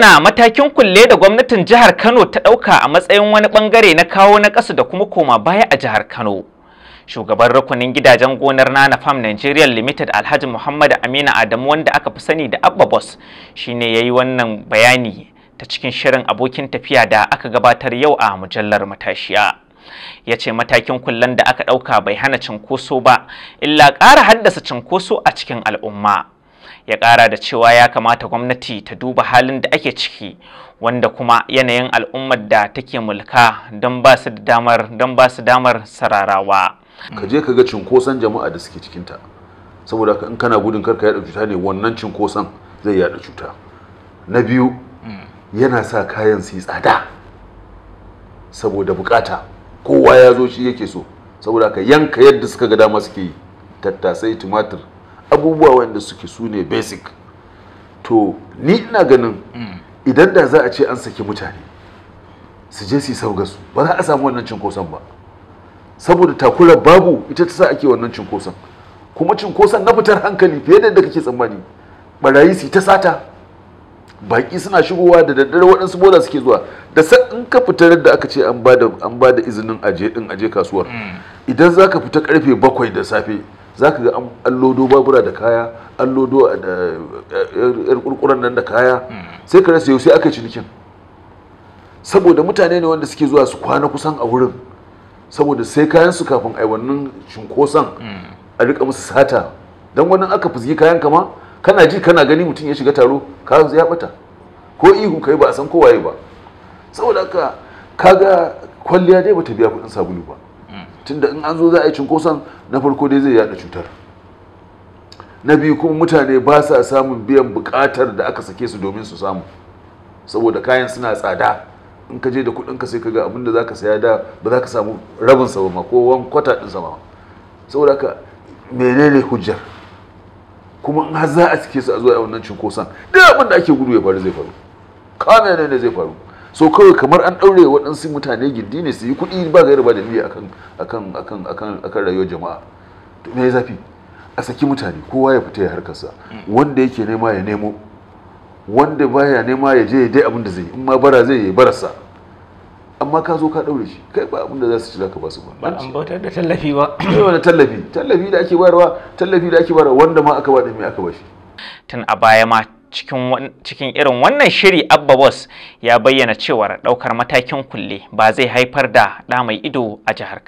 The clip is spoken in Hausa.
bayyana matakin kulle da gwamnatin jihar Kano ta ɗauka a matsayin wani ɓangare na kawo na ƙasa da kuma koma baya a jihar Kano. Shugaban rukunin gidajen gonar Nana Farm Nigeria Limited Alhaji Muhammadu Amina Adamu wanda aka fi sani da Abba Boss shine yayi wannan bayani ta cikin shirin abokin tafiya da aka gabatar yau a mujallar matashiya. ya ce matakin kullen da aka ɗauka bai hana cinkoso ba illa ƙara haddasa cinkoso a cikin al'umma ya ƙara da cewa ya kamata gwamnati ta duba halin da ake ciki wanda kuma yanayin al'ummar da take mulka don ba su damar don ba su damar sararawa ka je ka ga cinkoson jama'a da suke cikinta saboda in kana gudun karka yaɗa cuta ne wannan cinkoson zai yaɗa cuta na biyu mm. yana sa kayan su yi tsada saboda bukata kowa ya zo shi yake so saboda ka yanka yadda suka ga dama suke yi tattasai tumatir abubuwa wanda suke su ne basic to ni ina ganin mm. idan da za a ce an saki mutane su je su sauga su ba za a samu wannan cinkoson ba saboda takurar babu ita ta sa ake wannan cinkoson kuma cinkoson na fitar hankali fiye da yadda kake tsammani barayi su ta sata baki suna shigowa da daddare waɗansu bola suke zuwa da sa in ka fitar da aka ce an ba da izinin aje din aje kasuwar mm. idan za ka fita karfe bakwai da safe za ka ga an lodo babura da kaya an lodo da eh, eh, yar kurkuren nan da kaya hmm. sai ka rasa yau sai aka cinikin saboda mutane ne wanda suke zuwa su kwana kusan a wurin saboda sai kayan su kafin ai wannan cinkoson hmm. a rika musu sata dan wani aka fizgi kayan kama kana ji kana gani mutum ya shiga taro ka ya bata ko ihu kai ba a san kowaye ba saboda haka kaga kwalliya dai bata biya kuɗin sabulu ba tunda in an zo za a yi cinkoson na farko dai zai yada cutar na biyu kuma mutane ba sa samun biyan bukatar da aka sake su domin su samu saboda kayan suna tsada in ka je da kudin ka sai ka ga abin da zaka saya da ba za ka samu rabin sa ba ko wan kwata din sa ba saboda haka menene hujjar kuma in har za a sake su a zuwa wannan cinkoson duk abin da ake gudu ya faru zai faru ka menene zai faru so kawai kamar an ɗaure waɗansu mutane gindi ne su yi kuɗi ba gaira ba dalili akan akan akan akan akan rayuwar jama'a to me zafi a saki mutane kowa ya fita ya harkarsa wanda yake nema ya nemo wanda baya nema ya je ya dai abin da zai in ma bara zai yi barasa amma ka zo ka ɗaure shi kai ba abin da za su ci zaka ba su ba ba an bautar da tallafi ba wani tallafi tallafi da ake bayarwa tallafi da ake bayarwa wanda ma aka ba da me aka ba shi tun a baya ma cikin irin wannan shiri abba boss ya bayyana cewar ɗaukar matakin kulle ba zai haifar da ɗa mai ido a jihar